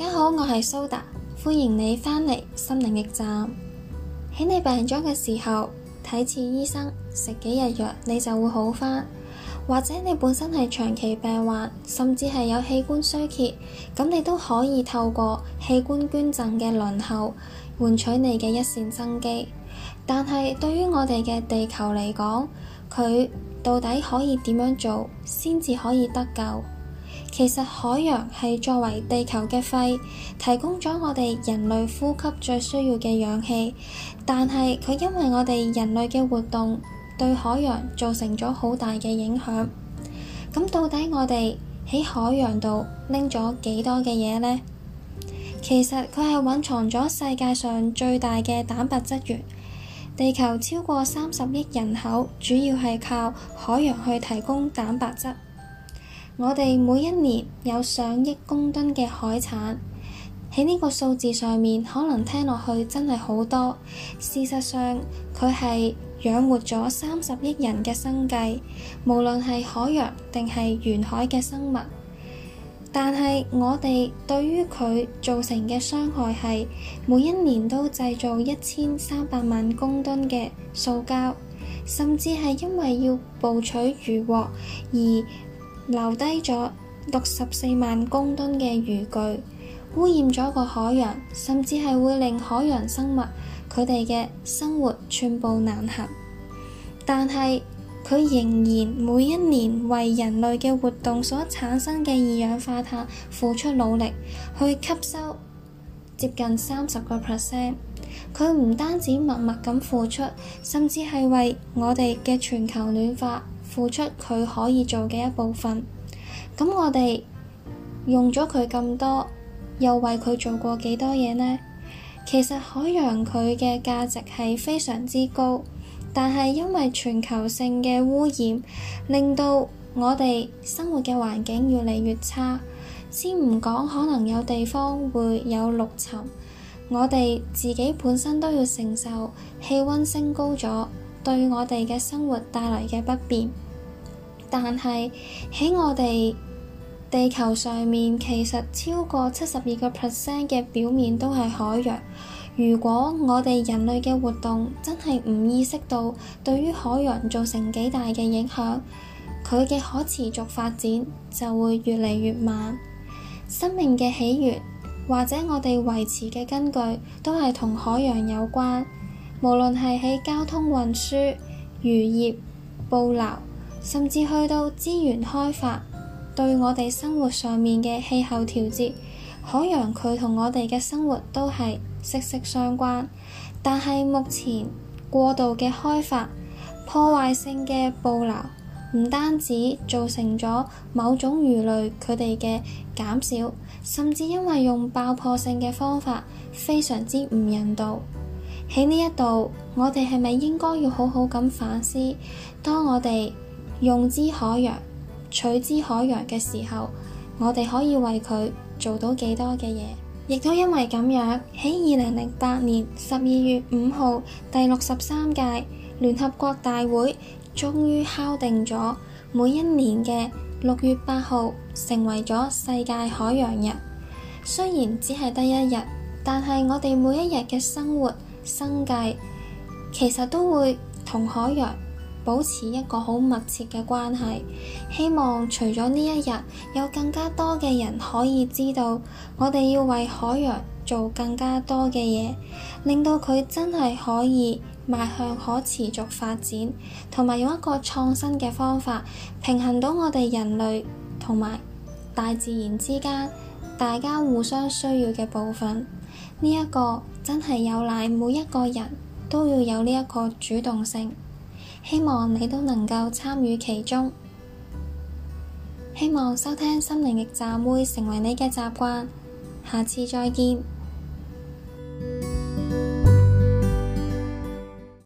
大家好，我係蘇達，歡迎你返嚟心靈驛站。喺你病咗嘅時候，睇次醫生，食幾日藥，你就會好返；或者你本身係長期病患，甚至係有器官衰竭，咁你都可以透過器官捐贈嘅輪候，換取你嘅一線生機。但係對於我哋嘅地球嚟講，佢到底可以點樣做，先至可以得救？其實海洋係作為地球嘅肺，提供咗我哋人類呼吸最需要嘅氧氣。但係佢因為我哋人類嘅活動，對海洋造成咗好大嘅影響。咁到底我哋喺海洋度拎咗幾多嘅嘢呢？其實佢係蘊藏咗世界上最大嘅蛋白質源。地球超過三十億人口，主要係靠海洋去提供蛋白質。我哋每一年有上億公噸嘅海產，喺呢個數字上面，可能聽落去真係好多。事實上，佢係養活咗三十億人嘅生計，無論係海洋定係沿海嘅生物。但係我哋對於佢造成嘅傷害係每一年都製造一千三百萬公噸嘅塑膠，甚至係因為要捕取漁獲而。留低咗六十四萬公噸嘅漁具，污染咗個海洋，甚至係會令海洋生物佢哋嘅生活寸步難行。但係佢仍然每一年為人類嘅活動所產生嘅二氧化碳付出努力去吸收接近三十個 percent。佢唔單止默默咁付出，甚至係為我哋嘅全球暖化。付出佢可以做嘅一部分，咁我哋用咗佢咁多，又為佢做過幾多嘢呢？其實海洋佢嘅價值係非常之高，但係因為全球性嘅污染，令到我哋生活嘅環境越嚟越差。先唔講可能有地方會有陸沉，我哋自己本身都要承受氣溫升高咗。對我哋嘅生活帶來嘅不便，但係喺我哋地球上面，其實超過七十二個 percent 嘅表面都係海洋。如果我哋人類嘅活動真係唔意識到對於海洋造成幾大嘅影響，佢嘅可持續發展就會越嚟越慢。生命嘅起源，或者我哋維持嘅根據，都係同海洋有關。無論係喺交通運輸、漁業、捕撈，甚至去到資源開發，對我哋生活上面嘅氣候調節、海洋，佢同我哋嘅生活都係息息相關。但係目前過度嘅開發、破壞性嘅捕撈，唔單止造成咗某種魚類佢哋嘅減少，甚至因為用爆破性嘅方法，非常之唔人道。喺呢一度，我哋係咪應該要好好咁反思？當我哋用之海洋、取之海洋嘅時候，我哋可以為佢做到幾多嘅嘢？亦都因為咁樣，喺二零零八年十二月五號，第六十三屆聯合國大會終於敲定咗每一年嘅六月八號成為咗世界海洋日。雖然只係得一日，但係我哋每一日嘅生活。生計其實都會同海洋保持一個好密切嘅關係。希望除咗呢一日，有更加多嘅人可以知道，我哋要為海洋做更加多嘅嘢，令到佢真係可以邁向可持續發展，同埋用一個創新嘅方法，平衡到我哋人類同埋大自然之間，大家互相需要嘅部分。呢一個真係有賴每一個人都要有呢一個主動性，希望你都能夠參與其中。希望收聽《心靈驛站》會成為你嘅習慣，下次再見。